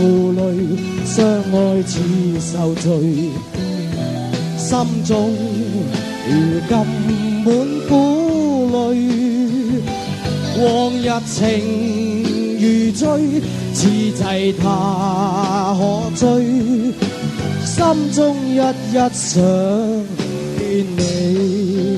負累，相愛似受罪，心中如今滿苦淚。往日情如醉，此際他可追？心中一一想見你。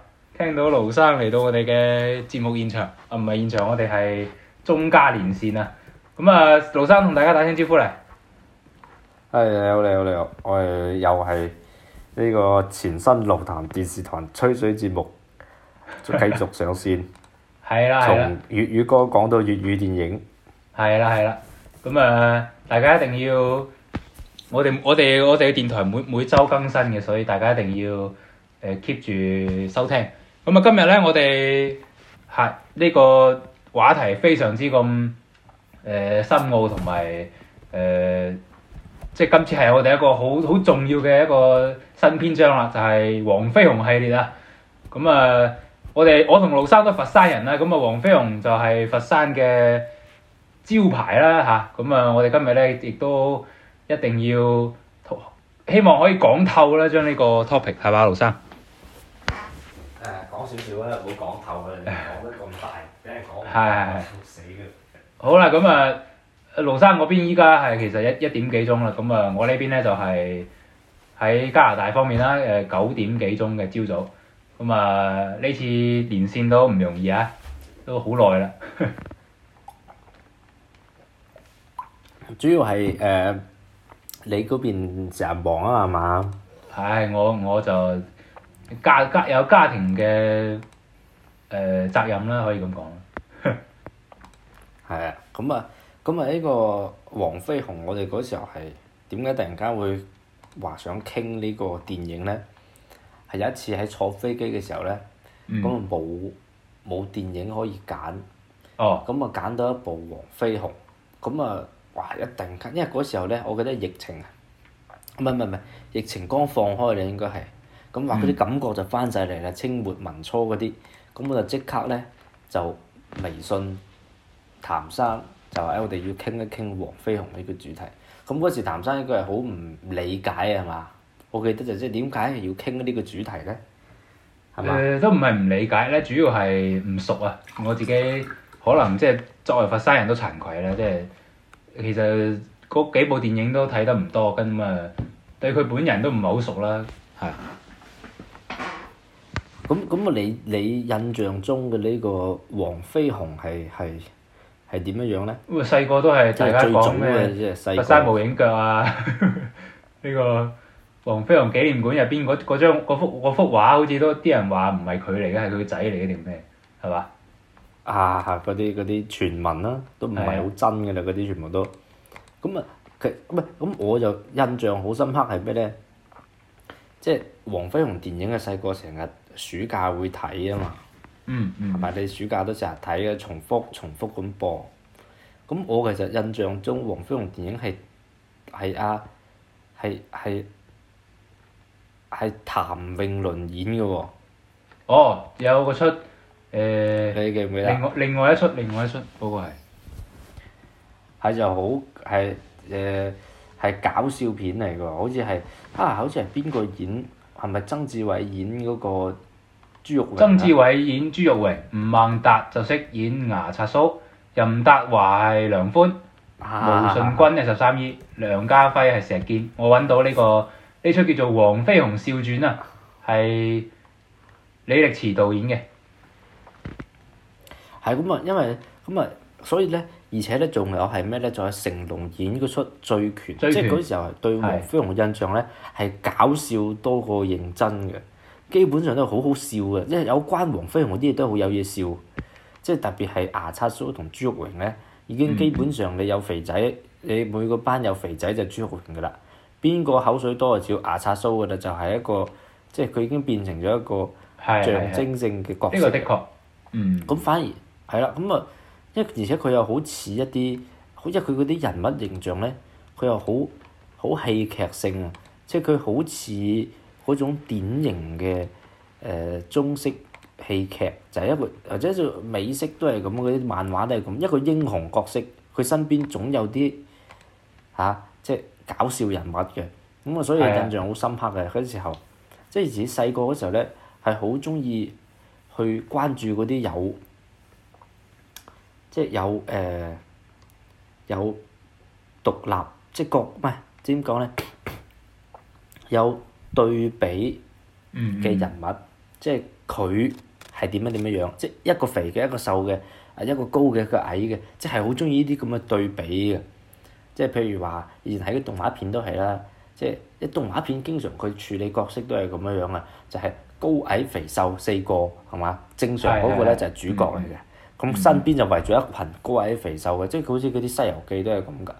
聽到勞生嚟到我哋嘅節目現場啊，唔係現場，我哋係中加連線啊。咁啊，勞生同大家打聲招呼咧。係、哎，好你好你好。我哋、呃、又係呢個前身譚談電視台吹水節目繼續上線。係啦，係啦。從粵語歌講到粵語電影。係啦、 嗯，係、嗯、啦。咁、嗯、啊，大家一定要我哋我哋我哋嘅電台每每周更新嘅，所以大家一定要誒 keep、呃、住收聽。咁啊，今日咧，我哋係呢個話題非常之咁誒深奧同埋誒，即係今次係我哋一個好好重要嘅一個新篇章啦，就係、是、黃飛鴻系列啊。咁、嗯、啊，我哋我同盧生都係佛山人啦。咁啊，黃飛鴻就係佛山嘅招牌啦嚇。咁啊，嗯、我哋今日咧亦都一定要希望可以講透啦，將呢個 topic 係嘛，盧生。少少啦、啊，冇講透啦，講得咁大，俾人講死啦！ 係係係 好啦，咁啊，勞生嗰邊依家係其實一一點幾鐘啦，咁啊，我呢邊呢，就係喺加拿大方面啦，誒九點幾鐘嘅朝早，咁啊呢次連線都唔容易啊，都好耐啦， 主要係誒、呃、你嗰邊成日忙啊嘛，唉， 我我就。家家有家庭嘅誒、呃、責任啦，可以咁講。係 啊。咁啊，咁啊，呢個黃飛鴻，我哋嗰時候係點解突然間會話想傾呢個電影呢？係有一次喺坐飛機嘅時候呢，咁冇冇電影可以揀。哦。咁啊，揀到一部黃飛鴻，咁啊，哇！一定㗎，因為嗰時候呢，我覺得疫情啊，唔係唔係唔係疫情剛放開咧，應該係。咁話嗰啲感覺就翻晒嚟啦，清末民初嗰啲，咁我就即刻咧就微信譚生就話我哋要傾一傾黃飛鴻呢個主題。咁嗰時譚生應該係好唔理解係嘛？我記得就即係點解要傾呢個主題咧？誒、嗯，都唔係唔理解咧，主要係唔熟啊！我自己可能即係作為佛山人都慚愧啦，即係其實嗰幾部電影都睇得唔多，跟埋對佢本人都唔係好熟啦。係。咁咁你你印象中嘅呢個黃飛鴻係係係點樣樣咧？咁啊，細個都係即係最早嘅即係細個，佛山無影腳啊！呢 個黃飛鴻紀念館入邊嗰幅幅，幅畫好，好似都啲人話唔係佢嚟嘅，係佢個仔嚟嘅定咩？係嘛？啊！嗰啲啲傳聞啦、啊，都唔係好真嘅啦，嗰啲的全部都。咁啊，其唔係咁，我就印象好深刻係咩咧？即係黃飛鴻電影嘅細個成日。暑假會睇啊嘛，嗯嗯，同、嗯、埋你暑假都成日睇嘅，重複重複咁播。咁我其實印象中黃飛鴻電影係係啊係係係譚詠麟演嘅喎，哦。哦，有個出誒，呃、你記唔記得？另外另外一出另外一出，嗰、嗰個係係就好係誒係搞笑片嚟嘅喎，好似係啊，好似係邊個演？係咪曾志偉演嗰個豬肉？曾志偉演豬肉榮，吳孟達就飾演牙刷蘇，任達華係梁寬，啊、毛舜筠係十三姨，梁家輝係石堅。我揾到呢、呢個呢出、嗯、叫做《黃飛鴻笑傳》啊，係李力持導演嘅。係咁啊，因為咁啊，所以呢。而且咧，仲有係咩咧？仲有成龍演嗰出《醉拳》拳，即係嗰時候對黃飛鴻印象咧，係是搞笑多過認真嘅，基本上都好好笑嘅。即係有關黃飛鴻啲嘢都好有嘢笑的，即係特別係牙刷蘇同豬肉榮咧，已經基本上你有肥仔，嗯、你每個班有肥仔就豬肉榮噶啦，邊個口水多就叫牙刷蘇噶啦，就係、是、一個即係佢已經變成咗一個象徵性嘅角色。的嗯，咁反而係啦，咁啊。嗯因而且佢又好似一啲，好似佢嗰啲人物形象咧，佢又好好戲劇性啊！即係佢好似嗰種典型嘅誒、呃、中式戲劇就係、是、一個，或者就美式都係咁，嗰啲漫畫都係咁。一個英雄角色，佢身邊總有啲嚇、啊，即係搞笑人物嘅。咁啊，所以印象好深刻嘅嗰時候，即係自己細個嗰時候咧，係好中意去關注嗰啲有。即有誒、呃，有獨立，即係各唔係，點講呢？有對比嘅人物，嗯嗯，即佢係點樣點樣樣，即一個肥嘅，一個瘦嘅，啊，一個高嘅，一個矮嘅，即係好中意呢啲咁嘅對比嘅。即譬如話，以前睇啲動畫片都係啦，即係一動畫片經常佢處理角色都係咁樣樣啊，就係、係、高矮肥瘦四個係嘛，正常嗰個呢，就係主角嚟嘅。嗯嗯。咁、嗯、身邊就圍住一群高矮肥瘦嘅，即係佢好似嗰啲《西遊記》都係咁噶。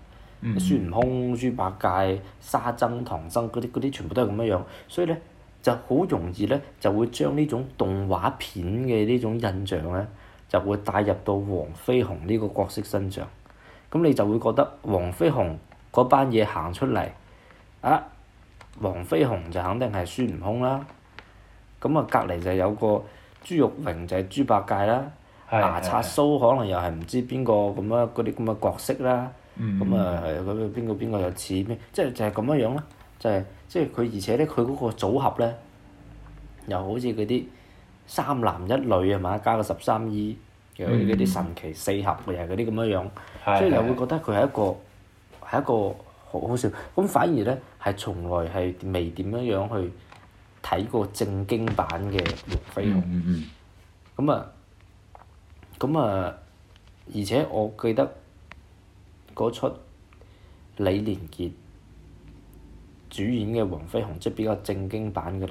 孫悟空、豬八戒、沙僧、唐僧嗰啲嗰啲全部都係咁樣樣，所以咧就好容易咧就會將呢種動畫片嘅呢種印象咧就會帶入到黃飛鴻呢個角色身上。咁你就會覺得黃飛鴻嗰班嘢行出嚟啊，黃飛鴻就肯定係孫悟空啦。咁啊，隔離就有個豬肉榮就係豬八戒啦。牙刷蘇可能又係唔知邊個咁啊，嗰啲咁嘅角色啦，咁啊係咁啊，邊個邊個又似咩？即係就係咁樣樣咯、就係，即係即係佢，而且咧佢嗰個組合呢又好似嗰啲三男一女啊，加個十三姨，又嗰啲神奇四俠嘅嗰啲咁樣樣，嗯、所以你會覺得佢係一個係一個好好笑。咁反而呢，係從來係未點樣樣去睇過正經版嘅《黃飛鴻》。嗯嗯咁啊～咁啊、嗯！而且我記得嗰出李連杰主演嘅《黃飛鴻》，即係比較正經版嘅。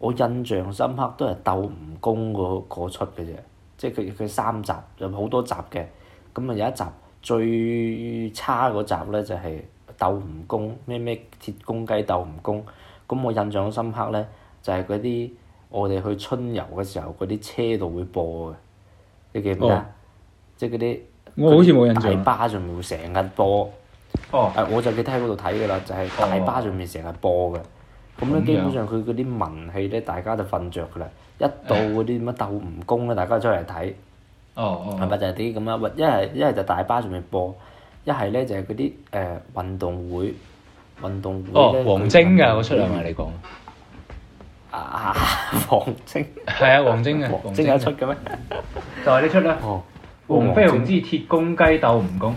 我印象深刻都係鬥蜈蚣嗰嗰出嘅啫，即係佢佢三集有好多集嘅。咁啊有一集最差嗰集呢，就係鬥蜈蚣，咩咩鐵公雞鬥蜈蚣。咁我印象深刻呢，就係嗰啲我哋去春遊嘅時候，嗰啲車度會播嘅。叫咩啊？記唔記得 oh. 即係嗰啲大巴上面成日播，啊、oh. 我就記得喺嗰度睇噶啦，就係、是、大巴上面成日播嘅。咁咧、oh. oh. 基本上佢嗰啲文戲咧，大家就瞓着噶啦。樣一到嗰啲乜鬥蜈蚣咧， 大家出嚟睇。哦係咪就係啲咁啊？一係一係就大巴上面播，一係咧就係嗰啲誒運動會，運動會咧。哦，oh. 黃精噶我出嚟同你講。啊！王晶係啊，王晶嘅王晶有一出嘅咩？ 就係呢出啦。哦，黃飛鴻之鐵公雞鬥蜈蚣。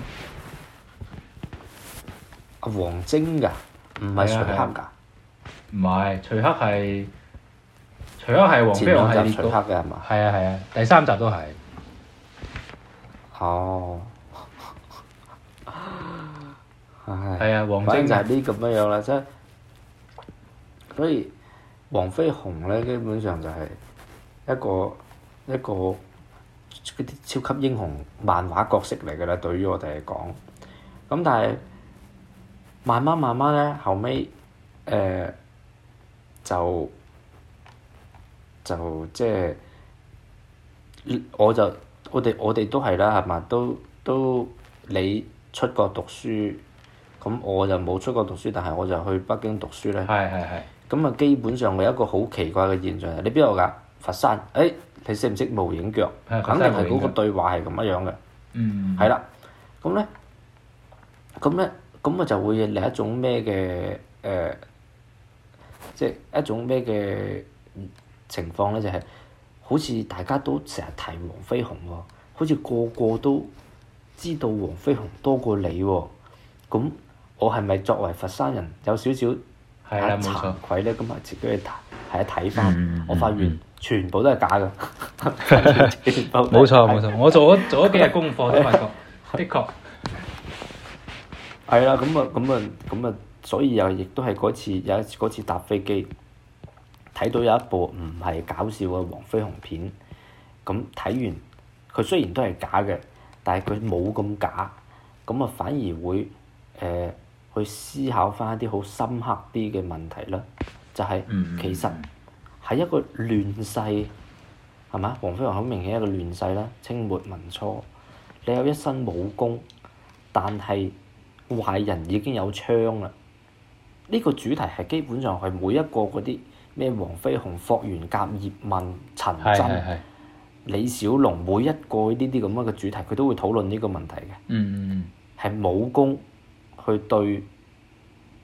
阿王晶噶，唔係徐克噶。唔係徐克係，徐克係黃飛鴻係徐克嘅係嘛？係啊係啊，第三集都係。哦。係。 啊，王晶反正就係啲咁樣樣啦，真。所以。黃飛鴻呢，基本上就係一個一個嗰啲超級英雄漫畫角色嚟㗎啦，對於我哋嚟講。咁但係慢慢慢慢呢，後尾，誒、呃、就就即係、就係、我就我哋我哋都係啦，係嘛？都都你出國讀書。咁我就冇出國讀書，但係我就去北京讀書呢。係咁啊，基本上我有一個好奇怪嘅現象、就是、你邊度㗎？佛山，誒、哎，你識唔識無影腳？影腳肯定係嗰個對話係咁樣樣嘅。嗯，嗯。係啦，咁呢？咁呢？咁啊就會係一種咩嘅誒？即、呃、係、就是、一種咩嘅情況呢？就係、是、好似大家都成日提黃飛鴻喎、哦，好似個個都知道黃飛鴻多過你喎、哦，咁。我係咪作為佛山人有少少係啊、慚愧咧？咁啊，自己睇係一睇翻，嗯、我發現、嗯、全部都係假嘅。冇 錯冇、哎、錯，我做咗做咗幾日功課，的確 的確。係啊，咁啊咁啊咁啊，所以又亦都係嗰次有一次，嗰次搭飛機睇到有一部唔係搞笑嘅黃飛鴻片，咁睇完佢雖然都係假嘅，但係佢冇咁假，咁啊、嗯、反而會誒。呃去思考翻一啲好深刻啲嘅問題啦，就係、是、其實係一個亂世，係嘛？黃飛鴻好明顯一個亂世啦，清末民初，你有一身武功，但係壞人已經有槍啦。呢、呢個主題係基本上係每一個嗰啲咩黃飛鴻、霍元甲、葉問、陳真、是是是李小龍每一個呢啲咁樣嘅主題，佢都會討論呢個問題嘅。嗯係武功。去對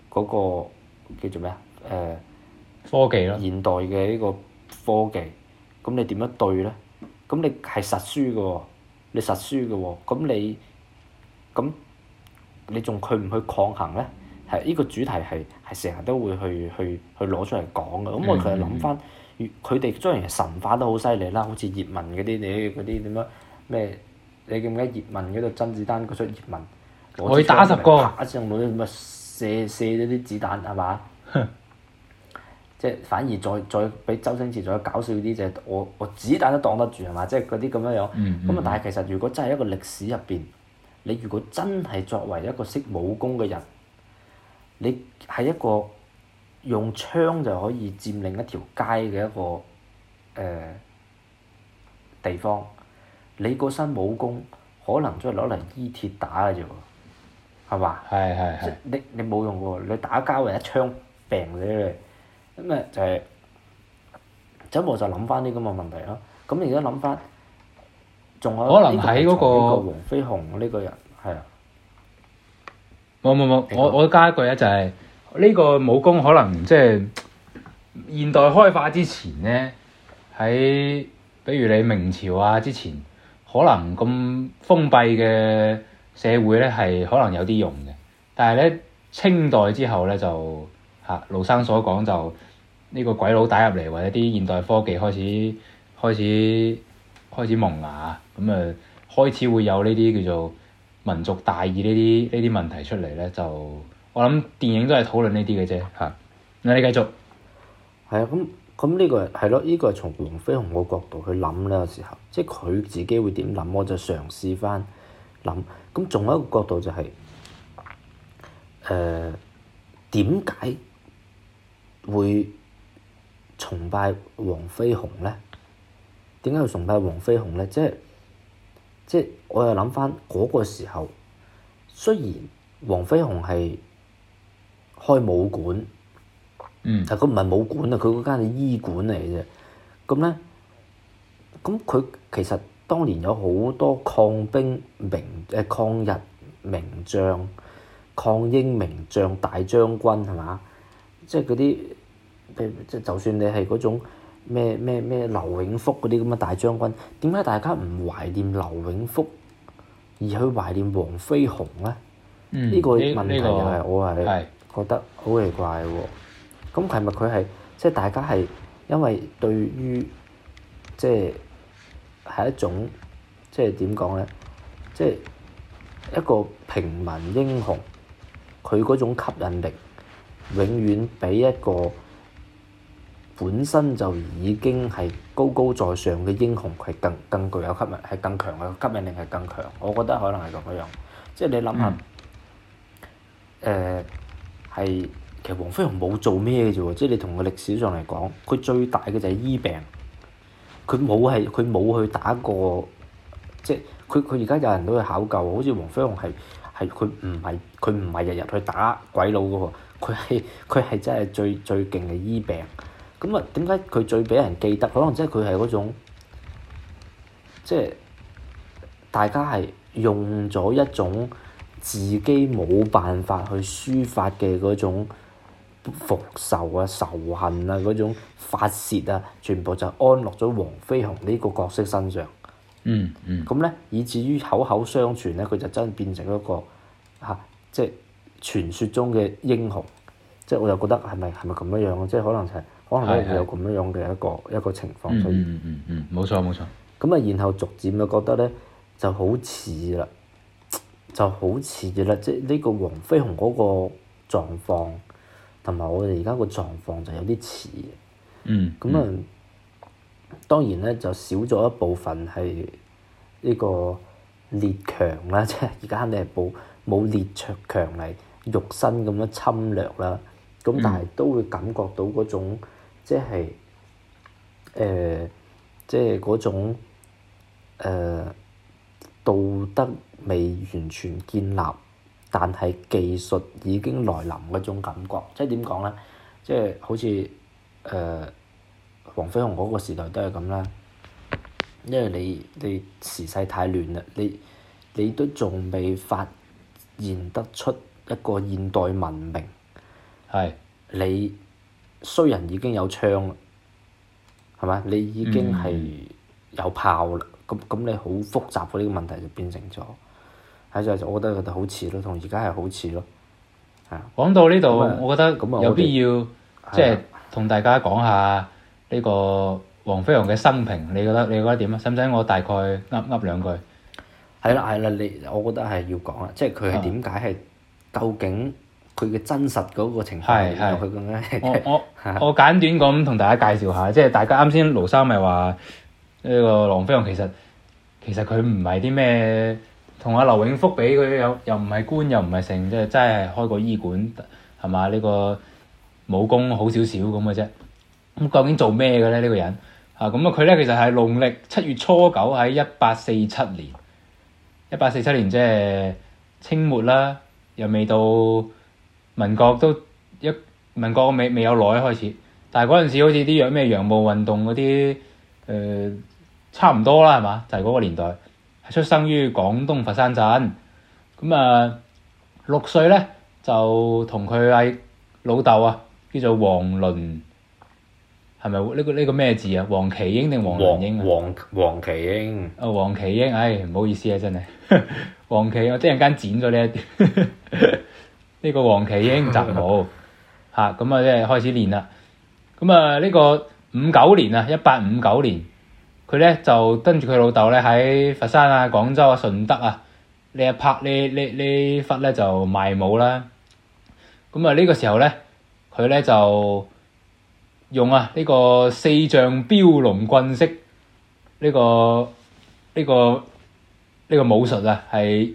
嗰、嗰個叫做咩啊？誒、呃、科技咯，現代嘅呢個科技，咁你點樣對咧？咁你係實輸嘅喎、哦，你實輸嘅喎、哦，咁你咁你仲去唔去抗衡咧？係呢、呢個主題係係成日都會去去去攞出嚟講嘅。咁我其實諗翻，佢哋雖然神化得好犀利啦，好似葉問嗰啲，你嗰啲點樣咩？你記唔記得葉問嗰度，甄子丹嗰出葉問？我打十個，一上到咁啊，射射咗啲子彈係嘛？ 即反而再再俾周星馳再搞笑啲就係我我子彈都擋得住啊嘛！即嗰啲咁樣樣，咁啊、嗯嗯嗯、但係其實如果真係一個歷史入邊，你如果真係作為一個識武功嘅人，你係一個用槍就可以佔領一條街嘅一個誒、呃、地方，你嗰身武功可能都係攞嚟醫鐵打嘅啫喎。係嘛？係係係。你你冇用喎！你打交人一槍、嗯、病死你，咁啊、嗯、就係、係。走步就諗翻啲咁嘅問題啦。咁而家諗翻，仲有可能喺嗰、嗰個黃飛鴻呢個人係、呢個、啊。冇冇冇，我我加一句咧、就係，就係呢個武功可能即係現代開化之前呢，喺比如你明朝啊之前，可能咁封閉嘅。社會咧係可能有啲用嘅，但係咧清代之後咧就嚇，勞生所講就呢個鬼佬打入嚟，或者啲現代科技開始開始開始萌芽，咁啊開始會有呢啲叫做民族大義呢啲呢啲問題出嚟咧，就我諗電影都係討論呢啲嘅啫嚇。你繼續係啊？咁咁呢個係咯，呢、這個係從黃飛鴻個角度去諗呢、這個時候，即係佢自己會點諗，我就嘗試翻。咁仲有一個角度就係，誒點解會崇拜黃飛鴻咧？點解要崇拜黃飛鴻咧？即係即係，我又諗翻嗰個時候，雖然黃飛鴻係開武館，嗯、但佢唔係武館啊，佢嗰間係醫館嚟嘅啫。咁咧，咁佢其實。當年有好多抗兵名誒抗日名將、抗英名將、大將軍係嘛？即係嗰啲，即係就算你係嗰種咩咩咩劉永福嗰啲咁嘅大將軍，點解、就是、大，大家唔懷念劉永福，而去懷念黃飛鴻呢？呢、嗯、個問題又係我係、嗯、覺得好奇怪喎。咁係咪佢係即係大家係因為對於即係？就是係一種，即係點講咧？即係一個平民英雄，佢嗰種吸引力，永遠比一個本身就已經係高高在上嘅英雄係更更具有吸引力，係更強嘅吸引力係更強。我覺得可能係咁嘅樣。即係你諗下，誒係、嗯呃、其實黃飛鴻冇做咩嘅啫喎！即係你同個歷史上嚟講，佢最大嘅就係醫病。佢冇係，佢冇去打過，即係佢佢而家有人都去考究，好似黃飛鴻係係佢唔係佢唔係日日去打鬼佬㗎喎，佢係佢係真係最最勁嘅醫病，咁啊，點解佢最俾人記得？可能即係佢係嗰種，即係大家係用咗一種自己冇辦法去抒發嘅嗰種。復仇啊、仇恨啊嗰種發泄啊，全部就安落咗黃飛鴻呢個角色身上。嗯嗯。咁咧，以至於口口相傳咧，佢就真係變成一個嚇，即係傳説中嘅英雄。即係我就覺得係咪係咪咁樣樣？即係可能係可能都係有咁樣樣嘅一個一個情況出現。嗯嗯嗯嗯，冇錯冇錯。咁啊，然後逐漸就覺得咧，就好似啦，就好似啦，即係呢個黃飛鴻嗰個狀況。同埋我哋而家個狀況就有啲似，咁啊、嗯嗯，當然咧就少咗一部分係呢個列強啦，即係而家肯定係冇冇列強強嚟肉身咁樣侵略啦，咁但係都會感覺到嗰種即係誒，即係嗰種誒、呃、道德未完全建立。但係技術已經來臨嗰種感覺，即係點講呢？即係好似誒黃飛鴻嗰個時代都係咁啦，因為你你時勢太亂啦，你你都仲未發現得出一個現代文明，係是你衰人已經有槍啦，係嘛？你已經係有炮啦，咁咁你好複雜嘅呢個問題就變成咗。我就覺得覺得好似咯，同而家係好似咯。係講到呢度，我覺得有必要、啊、即係同大家講下呢個黃飛鴻嘅生平。你覺得你覺得點啊？使唔使我大概噏噏兩句？係啦、啊，係啦、啊，你我覺得係要講啦。即係佢係點解係？啊、究竟佢嘅真實嗰個情況係點樣咧？我我 我簡短咁同大家介紹下， 家下，即係大家啱先，勞生咪話呢個黃飛鴻其實其實佢唔係啲咩？同阿劉永福比佢有又唔係官又唔係姓，即係真係開個醫館係嘛？呢個武功好少少咁嘅啫。咁究竟做咩嘅咧？呢個人啊，咁啊佢咧其實係農曆七月初九喺一八四七年，一八四七年即係清末啦，又未到民國都一民國未未有耐開始。但係嗰陣時好似啲約咩洋務運動嗰啲誒，差唔多啦係嘛？就係嗰個年代。出生於廣東佛山鎮，咁啊六歲咧就同佢係老豆啊，叫做黃麟，係咪呢個呢、這個咩字啊？黃麒英定黃麟英啊？黃黃麒英啊？黃麒英，唉唔、哦哎、好意思啊，真係黃麒，我等陣間剪咗呢一，呢 個黃麒英習武吓，咁 啊即係開始練啦。咁啊呢個五九年啊，一八五九年。佢咧就跟住佢老豆咧喺佛山啊、廣州啊、順德啊，呢一拍呢呢呢忽咧就賣武啦。咁啊呢個時候咧，佢咧就用啊呢個四象標龍棍式呢個呢個呢個武術啊，係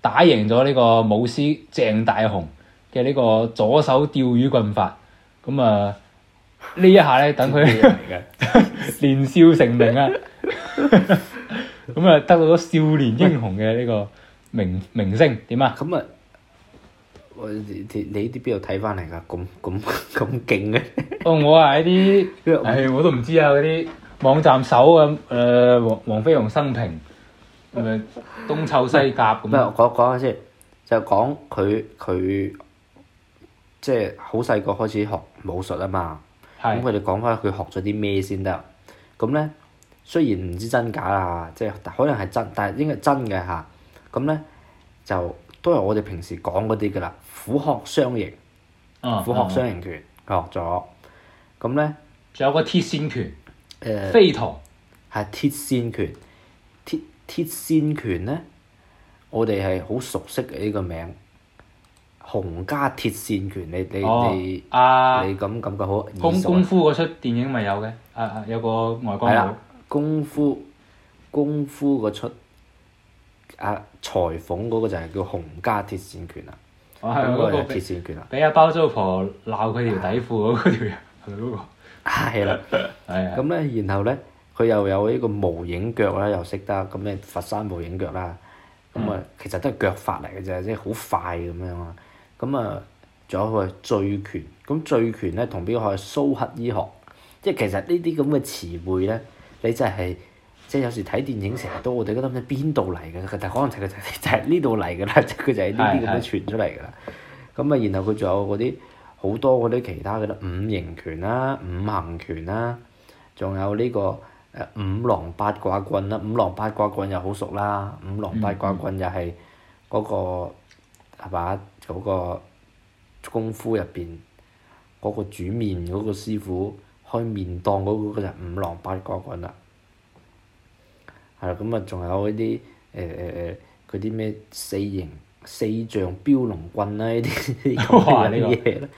打贏咗呢個武師鄭大雄嘅呢個左手釣魚棍法。咁啊～呢一下呢，等佢嚟嘅年少成名啊！咁啊，得到咗少年英雄嘅呢個名名聲，點啊？咁啊，你呢啲邊度睇翻嚟噶？咁咁咁勁嘅？哦，我係啲誒，我都唔知啊！嗰啲網站搜啊，誒，黃黃飛鴻生平，誒，東湊西夾咁。咩？講講下先，就講佢佢即係好細個開始學武術啊嘛～咁佢哋講翻佢學咗啲咩先得？咁咧，雖然唔知真假啦，即係可能係真，但係應該係真嘅嚇。咁、啊、咧就都係我哋平時講嗰啲噶啦，虎鶴雙形，虎、嗯、鶴雙形拳，佢、嗯、學咗。咁咧，仲有個鐵線拳，誒、呃，飛螳係鐵線拳。鐵鐵線拳咧，我哋係好熟悉嘅呢、這個名。洪家鐵線拳，你你你，你咁感覺好？功夫嗰出電影咪有嘅，啊啊有個外江佬。功夫功夫嗰出啊，裁縫嗰個就係叫洪家鐵線拳啊！咁嗰個鐵線拳啊！俾阿包租婆鬧佢條底褲嗰條人係咪嗰個？係啦，係啊。咁咧，然後咧，佢又有呢個無影腳咧，又識得咁咩佛山無影腳啦。咁啊，其實都係腳法嚟嘅啫，即係好快咁樣啊！咁啊，仲有個係醉拳，咁醉拳咧同邊個係蘇乞兒學？即其實呢啲咁嘅詞彙咧，你就係、是、即有時睇電影成日都，我哋覺得唔知邊度嚟嘅，但可能就係呢度嚟嘅啦，佢就係呢啲咁樣傳出嚟㗎。咁啊的，然後佢仲有嗰啲好多嗰啲其他嘅啦，五形拳啦、五行拳啦，仲有呢個誒五郎八卦棍啦，五郎八卦棍又好熟啦，五郎八卦棍又係嗰個係嘛？嗯嗰個功夫入邊，嗰、嗰個煮麵嗰個師傅，開麵檔嗰個就五郎八卦、呃呃呃、棍啦。係啦，咁啊，仲有嗰啲誒誒誒，嗰啲咩四形四象標龍棍啦，呢啲嘢，係呢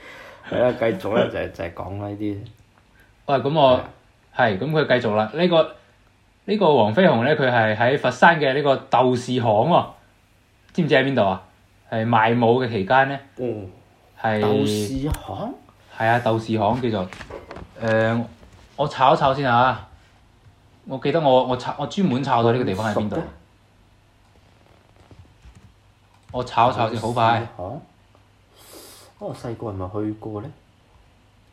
啦，繼續啦，就係、係、就係、係、講呢啲。喂，咁我係咁佢繼續啦。呢、呢個呢、呢個黃飛鴻呢佢係喺佛山嘅呢個豆豉巷喎，知唔知喺邊度啊？係賣武嘅期間咧，係、嗯、是豆豉巷，係啊豆豉巷叫做，誒、呃、我炒一炒先啊。我記得我我炒我專門炒咗呢個地方喺邊度，我炒一炒先，好快。哦，細個係咪去過呢？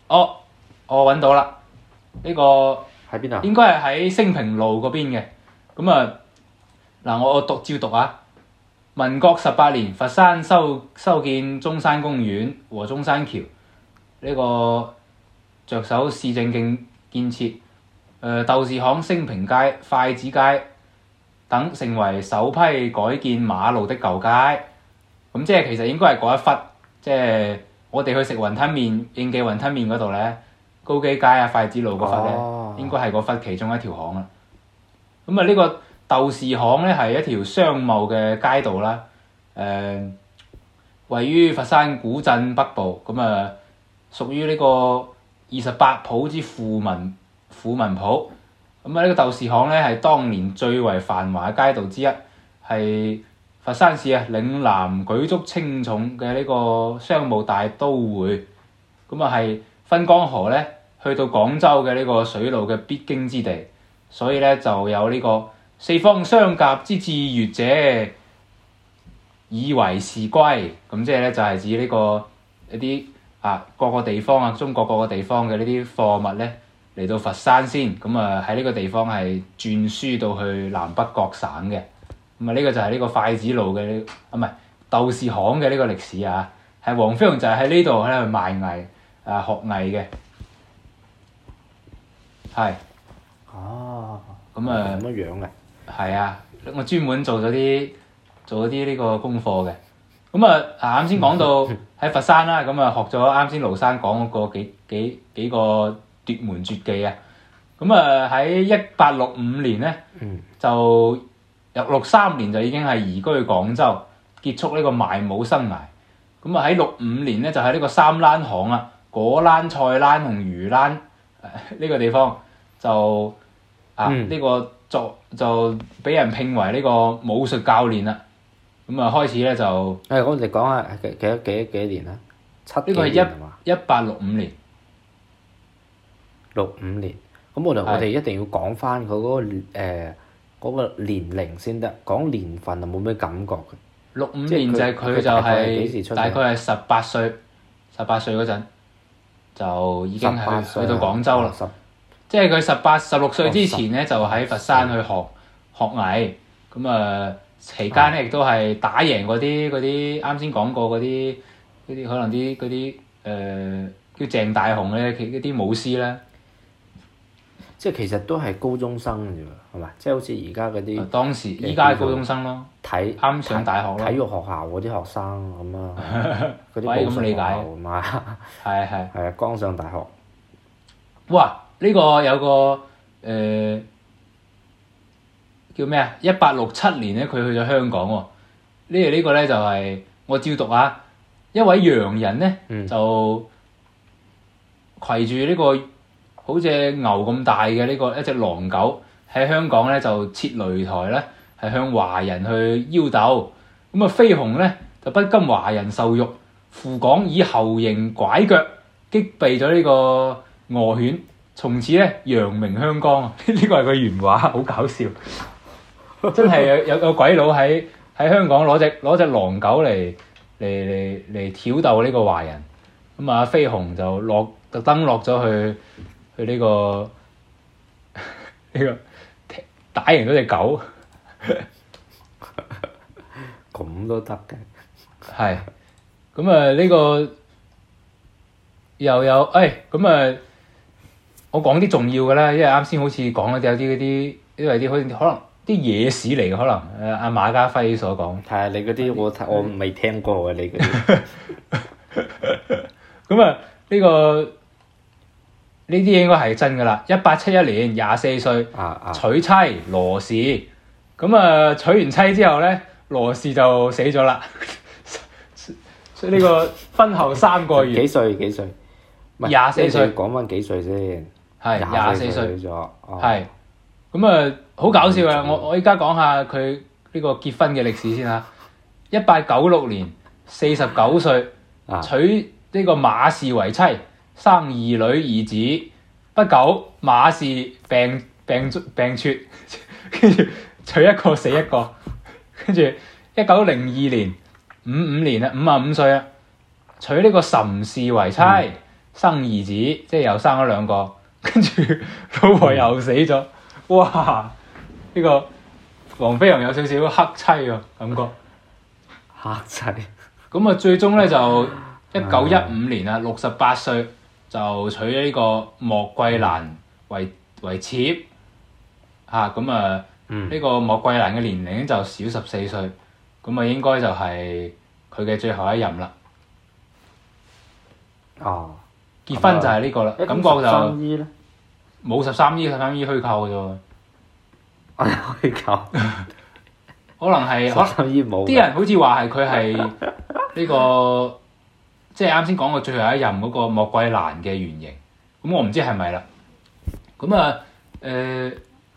哦，我揾到啦，呢、這個喺邊啊？應該係喺升平路嗰邊嘅，咁啊嗱我讀照讀啊！民國十八年，佛山修修建中山公園和中山橋，呢、這個着手市政建建設，誒豆豉巷、升平街、筷子街等成為首批改建馬路的舊街。咁即係其實應該係嗰一忽，即、就、係、是、我哋去食雲吞麵、應記雲吞麵嗰度咧，高基街啊、筷子路嗰忽咧，啊、應該係嗰忽其中一條巷啦。咁啊，呢個。豆豉巷呢，係一條商貿嘅街道啦，誒、呃、位於佛山古鎮北部，咁啊屬於呢個二十八鋪之富民富民鋪，咁啊呢個豆豉巷呢，係當年最為繁華嘅街道之一，係佛山市啊嶺南舉足輕重嘅呢個商貿大都會，咁啊係汾江河呢，去到廣州嘅呢個水路嘅必經之地，所以呢，就有呢、這個。四方相隔之至粵者，以為是歸。咁即係呢，就係指呢個一啲啊，各個地方啊，中國各個地方嘅呢啲貨物呢，嚟到佛山先，咁啊喺呢個地方係轉輸到去南北各省嘅。咁啊，呢個就係呢個筷子路嘅，啊唔係豆豉巷嘅呢個歷史啊。係黃飛鴻就係喺呢度喺度賣藝啊，學藝嘅。係。哦。咁啊。乜樣嘅。係啊，我專門做咗啲做咗啲呢個功課嘅。咁啊，啱先講到喺佛山啦，啊，咁啊學咗啱先勞生講嗰幾幾幾個奪門絕技啊。咁啊喺一八六五年咧，嗯、就入六三年就已經係移居廣州，結束呢個賣武生涯。咁啊喺六五年咧就喺、係、呢個三欄巷啊，果欄菜欄同魚欄呢、呢個地方就、嗯、啊呢、呢個。就就俾人聘為呢個武術教練啦，咁啊開始呢，就誒，我哋講下幾多幾幾年啦，七呢個係一，一八六五年，六五年，咁我哋我哋一定要講翻佢嗰個誒嗰個年齡先得，講年份啊冇咩感覺。六五年就係佢就係大概係十八歲，十八歲嗰陣就已經係去到廣州啦。即係佢十八、十六歲之前呢，哦、17，就喺佛山去學學藝。咁啊，期、呃、間咧亦都係打贏嗰啲嗰啲，啱先講過嗰啲嗰啲，可能啲嗰啲誒叫鄭大雄呢，佢嗰啲武師呢，即係其實都係高中生啫喎，係咪？即係好似而家嗰啲當時而家嘅高中生咯，睇啱上大學，體育學校嗰啲學生咁啊，可以咁理解，係係係啊，剛上大學。哇！呢個有個、呃、叫咩啊？一八六七年咧，佢去咗香港喎、哦。呢、這個呢、這個咧就係、是、我照讀啊。一位洋人呢，嗯、就攜住呢個好似牛咁大嘅呢個一隻狼狗喺香港呢，就設擂台呢，係向華人去邀鬥。咁啊，飛鴻呢，就不甘華人受辱，赴港以猴形拐腳擊斃咗呢個惡犬。從此呢，揚名香江。呢個係個原話，好搞笑。 真係有有個鬼佬喺香港攞隻狼狗嚟嚟嚟挑逗呢個華人。咁、嗯、啊，飛鴻就落特登落咗去去呢個呢個打贏咗隻狗。咁都得嘅。係。咁、嗯、啊，呢、嗯呢個又有誒咁啊！哎嗯嗯嗯我講啲重要嘅啦，因為啱先好似講咗有啲嗰啲，因為啲可能啲野史嚟嘅，可能阿、啊、馬家輝所講。係啊，你嗰啲我、啊、我未聽過啊，你嗰啲咁 啊，呢、呢個呢啲應該係真嘅啦。一八七一年，廿四歲，娶、啊啊、妻羅氏。咁啊，娶、啊、完妻之後咧，羅氏就死咗啦。 所以呢個婚後三個月幾歲？幾歲？廿四歲。講翻歲幾歲先？係廿四歲，係咁啊！好、嗯嗯、搞笑啊對！我我依家講下佢呢個結婚嘅歷史先嚇。一八九六年，四十九歲，娶呢、啊、個馬氏為妻，生二女二子。不久馬氏病病病絕，跟住娶一個死一個，跟住一九零二年五五年啦，五十五歲啊，娶呢個岑氏為妻，嗯、生兒子，即係又生咗兩個。跟住老婆又死咗，嗯、哇！呢、這個黃飛鴻有少少黑妻嘅感覺，黑仔妻。咁啊，最終呢，就一九一五年啦，六十八歲就娶咗呢個莫桂蘭為、嗯、為妾。吓咁啊，呢、啊嗯、個莫桂蘭嘅年齡就少十四歲，咁啊應該就係佢嘅最後一任啦。哦。結婚就係、e、呢個啦，感覺就冇十三姨，十三姨虛構嘅啫。虛構，可能係十三姨冇。啲人好似話係佢係呢個， 即係啱先講過最後一任嗰個莫桂蘭嘅原型。咁我唔知係咪啦。咁啊，誒、呃、呢、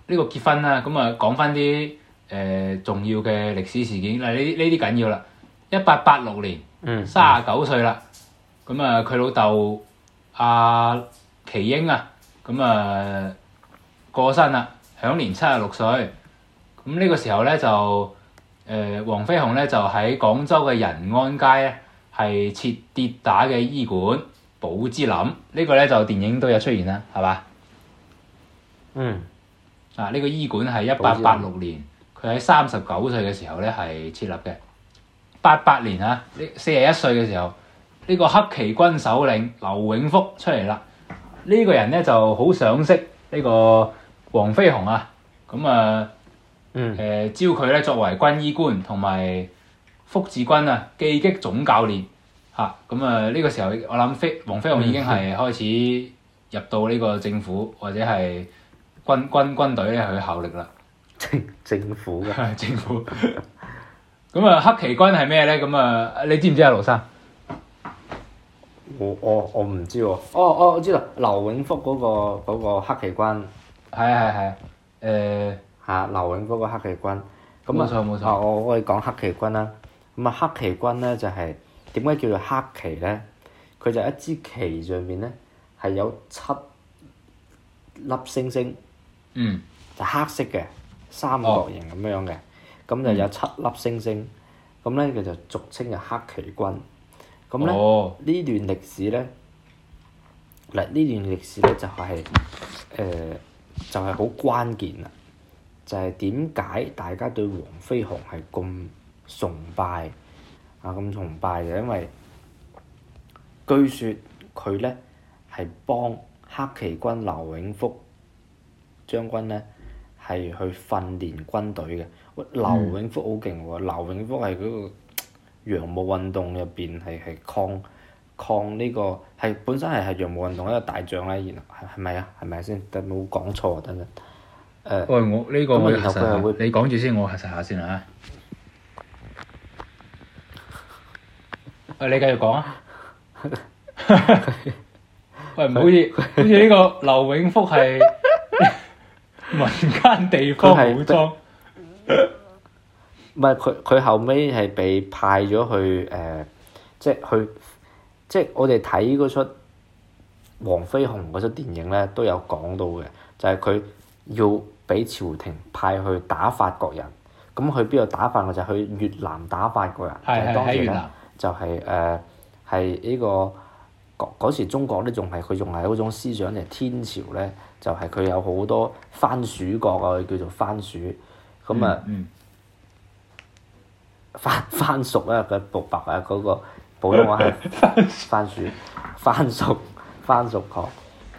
這個結婚啦，咁啊，講翻啲誒重要嘅歷史事件啦。呢呢啲緊要啦。一八八六年，卅九歲啦。咁啊、嗯，佢、嗯、老豆。阿麒、啊、英啊，咁、嗯、啊過身啦，享年七十六歲。咁、嗯、呢、這個時候咧就，誒、呃、黃飛鴻咧就喺廣州嘅仁安街咧係設跌打嘅醫館寶芝林，這個、呢個咧就電影都有出現啦，係嘛？嗯。啊，呢、這個醫館係一八八六年，佢喺三十九歲嘅時候咧係設立嘅。八八年啊，呢四十一歲嘅時候。呢個黑旗軍首領劉永福出嚟啦，呢、這個人咧就好賞識呢個黃飛鴻啊，咁啊，誒、嗯呃、招佢咧作為軍醫官同埋福字軍啊技擊總教練嚇，咁啊呢、這個時候我諗飛黃飛鴻已經係開始入到呢個政府、嗯、或者係軍，軍軍軍隊去效力啦，政政府嘅、啊，政府。咁啊，黑旗軍係咩咧？咁、嗯、啊，你知唔知啊，勞生？我我我唔知喎，哦哦，我知道劉永福嗰個嗰個黑旗軍，係係係，誒嚇、呃、劉永福個黑旗軍，咁啊，啊我我哋講黑旗軍啦，咁啊黑旗軍呢就係點解叫做黑旗呢？佢就一支旗上面呢，係有七粒星星，就、嗯、黑色嘅三角形咁樣嘅，咁、哦、就有七粒星星，咁呢、嗯，佢就俗稱就黑旗軍。咁呢，呢、oh. 段歷史呢，嗱呢段歷史呢，就係、是、誒、呃、就係、是、好關鍵啦，就係點解大家對黃飛鴻係咁崇拜啊？咁崇拜就因為據說佢呢係幫黑旗軍劉永福將軍呢係去訓練軍隊嘅，喂，劉永福好勁喎，劉永福係嗰、那個。洋務運動入邊係係抗抗呢、這個係本身係係洋務運動一個大將咧，係係咪啊？係咪先？但冇講錯等啦。誒、啊，喂，我呢、這個你講住先，我核實下先吓。誒，你繼續講啊！喂，唔好意思，好似呢個劉永福係民間地方武裝。 唔係佢，佢後尾係被派咗去誒、呃，即係去，即係我哋睇嗰出黃飛鴻嗰出電影呢，都有講到嘅，就係、是、佢要俾朝廷派去打法國人。咁去邊度打法國？我就是、去越南打法國人。係係喺就係誒，係呢、就是呃這個嗰時中國呢，仲係佢仲係嗰種思想，就係天朝呢，就係、是、佢有好多藩屬國啊，叫做藩屬。咁啊、嗯。嗯番番薯咧，嗰個白白嘅嗰個普通話係番薯， 番薯，番薯殼。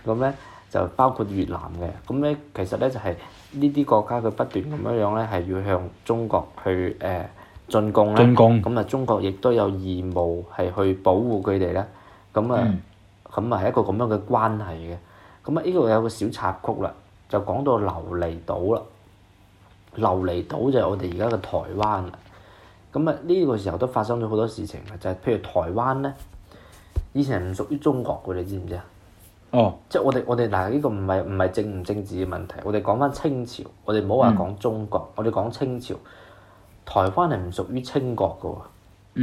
咁呢就包括越南嘅。咁呢其實呢就係呢啲國家佢不斷咁樣樣呢係要向中國去誒進貢咧。進、呃、貢。咁啊貢，中國亦都有義務係去保護佢哋咧。咁啊，咁啊係一個咁樣嘅關係嘅。咁啊，呢個有個小插曲啦，就講到琉璃島啦。琉璃島就係我哋而家嘅台灣啦。咁啊！呢個時候都發生咗好多事情啊，就係、是、譬如台灣咧，以前係唔屬於中國嘅，你知唔知啊？哦、oh.，即係我哋我哋嗱，呢、這個唔係唔係政唔政治嘅問題。我哋講翻清朝，我哋唔好話講中國，mm. 我哋講清朝，台灣係唔屬於清國嘅。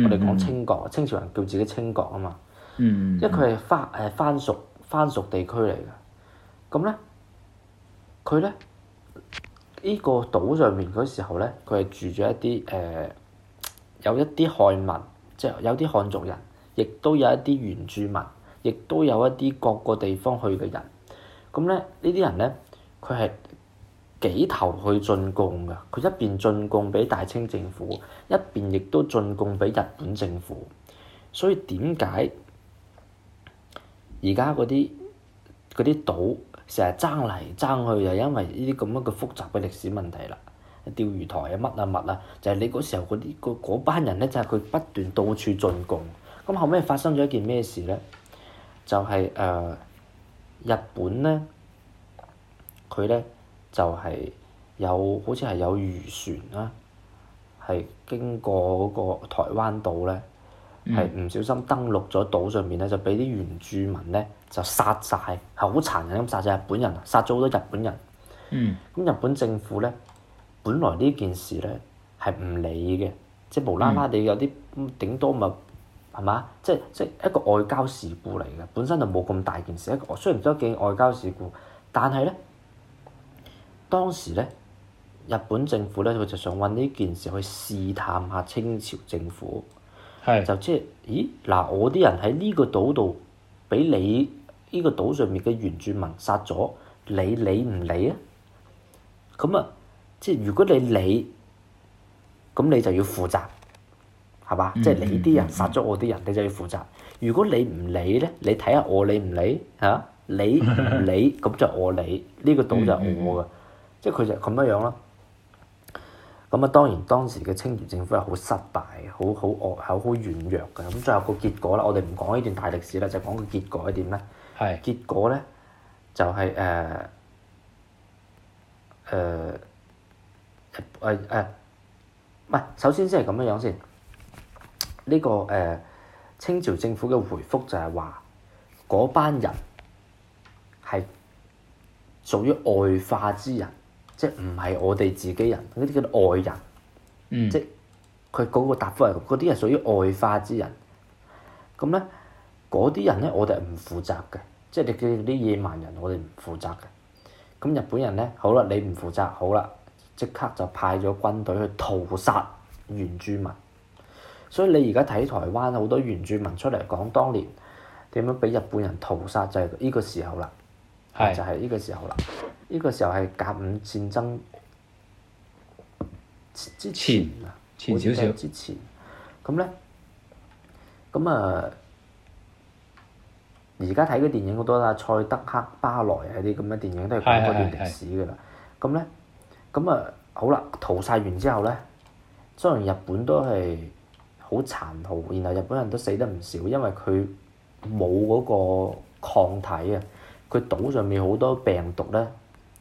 我哋講清國，mm hmm. 清朝人叫自己清國啊嘛。Mm hmm. 因為佢係番誒番屬番屬地區嚟嘅。咁咧，佢咧呢、這個島上面嗰時候咧，佢係住咗一啲誒。呃有一啲漢民，即係有啲漢族人，亦都有一啲原住民，亦都有一啲各個地方去嘅人。咁咧，呢啲人咧，佢係幾頭去進貢㗎，佢一邊進貢俾大清政府，一邊亦都進貢俾日本政府。所以點解而家嗰啲嗰啲島成日爭嚟爭去，就因為呢啲咁樣嘅複雜嘅歷史問題啦。釣魚台啊，乜啊，乜啊，就係、是、你嗰時候嗰啲班人呢，就係、是、佢不斷到處進攻。咁後尾發生咗一件咩事呢？就係、是、誒、呃、日本呢，佢呢，就係、是、有好似係有漁船啦、啊，係經過嗰個台灣島呢，係唔小心登陸咗島上面呢，就俾啲原住民呢，就殺晒，係好殘忍咁殺晒日本人，殺咗好多日本人。咁、嗯、日本政府呢。本來呢件事呢係唔理嘅，即係無啦啦，你有啲頂多咪係嘛？即即一個外交事故嚟嘅，本身就冇咁大件事。雖然都係件外交事故，但係呢，當時呢，日本政府呢，佢就想揾呢件事去試探下清朝政府，是就即係，咦嗱，我啲人喺呢個島度俾你呢個島上面嘅原住民殺咗，你理唔理啊？咁啊？即係如果你理，咁你就要負責，係嘛？嗯、即係你啲人殺咗我啲人，嗯、你就要負責。如果你唔理咧，你睇下我你理唔、啊、理嚇？理唔理咁就我理，呢、這個島就我嘅。嗯嗯、即係佢就咁樣樣咯。咁啊，當然當時嘅清朝政府係好失敗、好好惡、好軟弱嘅。咁最後個結果啦，我哋唔講呢段大歷史啦，就講個結果係點咧。係是。結果咧，就係、是、誒，誒、呃。呃呃呃誒誒，唔係、呃呃，首先即係咁樣樣先。呢、呢個誒、呃、清朝政府嘅回覆就係話，嗰班人係屬於外化之人，即唔係我哋自己人，嗰啲叫外人。嗯、即佢嗰個答覆係，嗰啲係屬於外化之人。咁呢，嗰啲人呢，我哋係唔負責嘅，即係你叫啲野蠻人，我哋唔負責嘅。咁日本人呢，好啦，你唔負責，好啦。即刻就派咗軍隊去屠殺原住民，所以你而家睇台灣好多原住民出嚟講，當年點樣俾日本人屠殺，就係、是、呢個時候啦，是就係呢個時候啦，呢、呢個時候係甲午戰爭之前啊，前少少。之前咁呢，咁啊，而家睇嘅電影好多啦，賽德克巴萊嗰啲咁嘅電影都係講嗰段歷史㗎啦。咁呢。咁啊，好啦，屠曬完之後咧，雖然日本都係好殘酷，然後日本人都死得唔少，因為佢冇嗰個抗體啊。佢島上面好多病毒咧，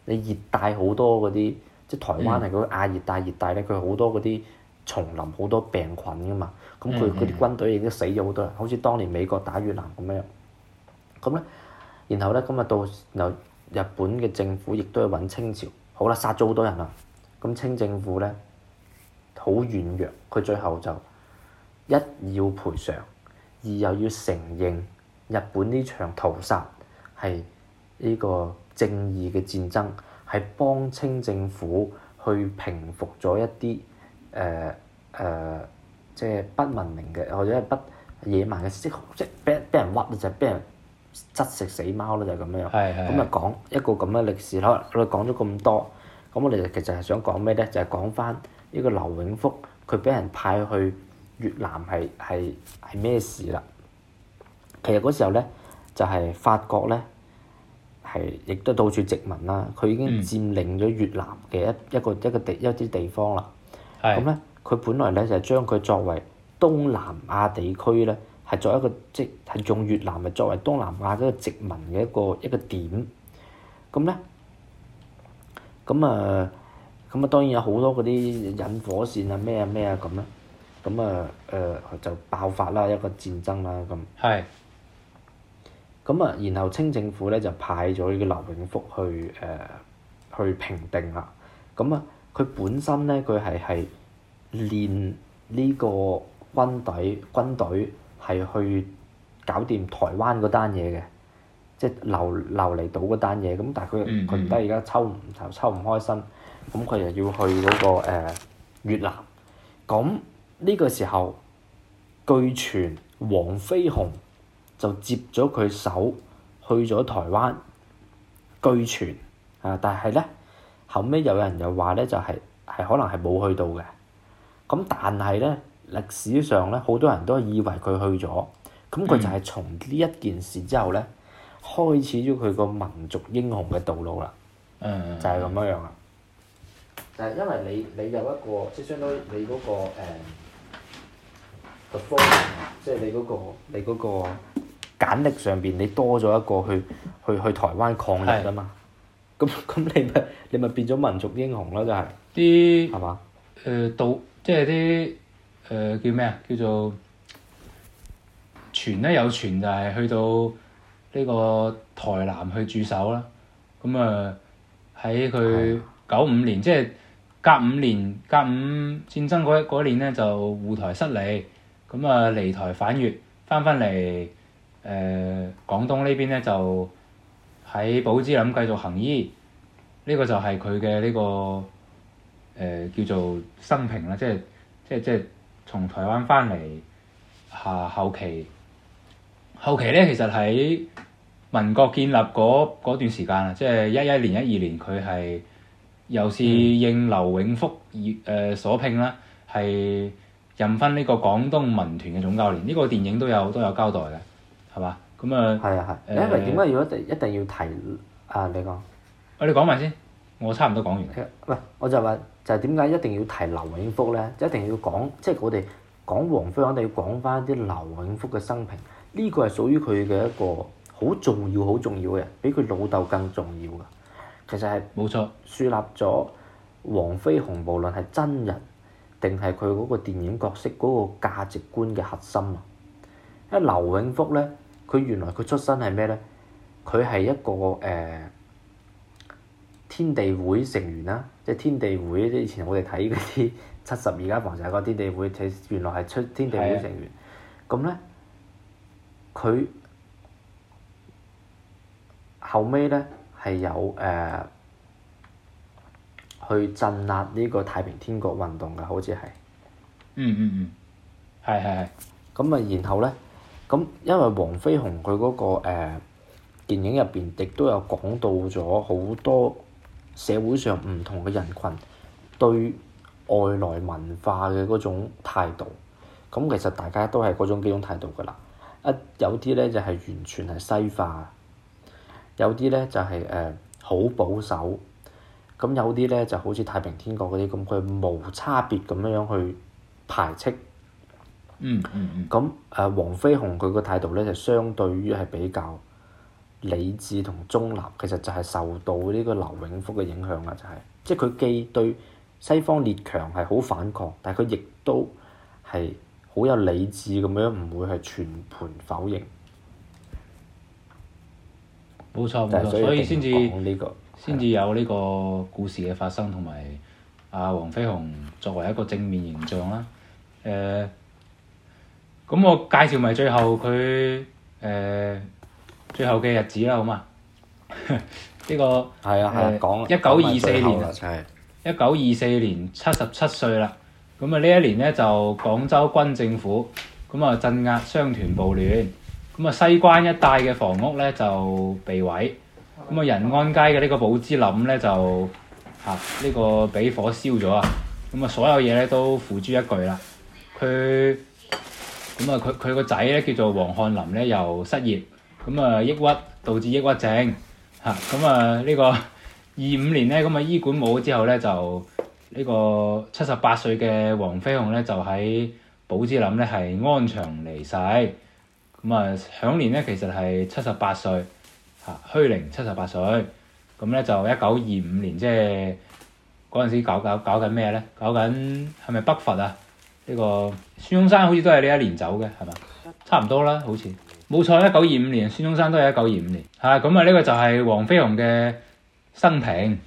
你熱帶好多嗰啲，即台灣係嗰個亞熱帶、熱帶咧，佢好多嗰啲叢林好多病菌噶嘛。咁佢嗰啲軍隊已經死咗好多人，好似當年美國打越南咁樣。咁咧，然後咧，咁啊到然後日本嘅政府亦都去揾清朝。好啦，殺咗好多人啦，咁清政府咧，好軟弱，佢最後就一要賠償，二又要承認日本呢場屠殺係呢個正義嘅戰爭，係幫清政府去平復咗一啲誒誒，即係不文明嘅或者係不野蠻嘅，即即俾俾人屈，就係俾人。實食死貓咯，就係、係、咁樣。咁啊、嗯，講一個咁嘅歷史咯、嗯。我哋講咗咁多，咁我哋其實係想講咩咧？就係、係、講返呢個劉永福佢俾人派去越南係係係咩事啦？其實嗰時候咧，就係、係、法國咧係亦都到處殖民啦。佢已經佔領咗越南嘅一一個、嗯、一個、一個、一個地、一啲地方啦。咁咧，佢本來咧就將、係、佢作為東南亞地區咧。係作為一個即係用越南，作為東南亞一個殖民嘅一個一個點咁呢，咁啊，咁啊，當然有好多嗰啲引火線啊，咩啊咩啊咁啦。咁啊，誒、呃、就爆發啦，一個戰爭啦，咁係咁啊。然後清政府呢，就派咗呢個劉永福去誒、呃、去平定啦。咁啊，佢本身呢，佢係係練呢個軍隊軍隊。係去搞掂台灣嗰單嘢嘅，即係流流離島嗰單嘢。咁但係佢佢唔得，而家抽唔抽唔開身，咁佢又要去嗰、嗰個誒、呃、越南。咁呢個時候據傳黃飛鴻就接咗佢手去咗台灣。據傳啊，但係咧後尾有人又話咧，就係、係、係可能係冇去到嘅。咁但係咧。歷史上咧，好多人都以為佢去咗，咁佢就係從呢一件事之後咧，開始咗佢個民族英雄嘅道路啦。嗯、就係咁樣樣啦。就係、嗯嗯嗯嗯嗯、因為你你有一個即係相當於你嗰、嗰個誒、嗯，即係你嗰、嗰個你嗰個簡歷上邊，你多咗一個去去去台灣抗日啊嘛。咁咁的你咪你咪變咗民族英雄囉！就係。啲係嘛？誒吧，導、呃、即係啲。誒、呃、叫咩啊？叫做傳咧，有傳就係去到呢個台南去駐守啦。咁啊喺佢九五年，哦、即係甲午年，甲午戰爭嗰一年咧，就護台失利。咁、嗯、啊離台返粵，翻返嚟誒、呃、廣東邊呢邊咧，就喺寶芝林繼續行醫。呢、這個就係佢嘅呢個誒、呃、叫做生平啦，即係即係即係。從台灣返嚟，下後期，後期咧其實喺民國建立嗰嗰段時間啊，即係一一年、一二年，佢係又是應劉永福而誒所聘啦，係、嗯、任返呢個廣東民團嘅總教練。呢、呢個電影都有都有交代嘅，係嘛？咁啊，係啊係誒，因、呃、為點解要一一定要提啊？你講，啊你講埋先，我差唔多講完。喂，我就問。就係點解一定要提劉永福咧？一定要講，即係我哋講黃飛鴻，我哋要講翻啲劉永福嘅生平。呢個係屬於佢嘅一個好重要、好重要嘅人，比佢老豆更重要嘅。其實係冇錯，樹立咗黃飛鴻無論係真人定係佢嗰個電影角色嗰個價值觀嘅核心啊！因為劉永福咧，佢原來佢出身係咩咧？佢係一個誒。呃天地會成員啦，即係天地會，即係以前我哋睇嗰啲七十二家房客個天地會，佢原來係出天地會成員。咁呢，佢後尾呢係有誒、呃、去鎮壓呢個太平天國運動嘅，好似係。嗯嗯嗯，係係係。咁啊，然後呢，咁因為黃飛鴻佢嗰個誒、呃、電影入邊亦都有講到咗好多。社會上唔同嘅人群對外來文化嘅嗰種態度，咁其實大家都係嗰種幾種態度㗎喇。一有啲呢，就係、是、完全係西化，有啲呢，就係、是、誒、呃、好保守。咁有啲呢，就好似太平天國嗰啲咁，佢無差別咁樣去排斥。嗯咁誒，黃、嗯嗯呃、飛鴻佢個態度呢，就相對於係比較。理智同中立，其實就係受到呢個劉永福嘅影響啦，就係、是、即係佢既對西方列強係好反抗，但係佢亦都係好有理智咁樣，唔會係全盤否認。冇錯，冇錯，就所以先至先至有呢個故事嘅發生，同埋阿黃飛鴻作為一個正面形象啦。誒、呃，咁我介紹埋最後佢誒。呃最後嘅日子啦，好嘛？呢、 呢個係啊係、呃、講一九二四年一九二四年七十七歲啦。咁啊呢一年呢，就廣州軍政府咁啊鎮壓商團暴亂，咁啊西關一帶嘅房屋呢，就被毀，咁啊仁安街嘅呢個寶芝林呢，就啊，呢個俾火燒咗啊！咁啊所有嘢呢，都付諸一炬啦。佢咁啊佢佢個仔呢，叫做黃漢林呢，又失業。咁啊，抑鬱導致抑鬱症，嚇咁啊，啊、呢個、呢個二五年咧，咁啊醫館冇咗之後咧，就呢個七十八歲嘅黃飛鴻咧，就喺寶芝林咧係安詳離世。咁啊享年咧其實係七十八歲，嚇、啊、虛齡七十八歲。咁咧就一九二五年，即係嗰陣時搞搞搞緊咩咧？搞緊係咪北伐啊？呢、呢個孫中山好似都係呢一年走嘅，係嘛？差唔多啦，好似。冇錯，一九二五年，孫中山都係一九二五年，嚇，咁呢個就係黃飛鴻嘅生平。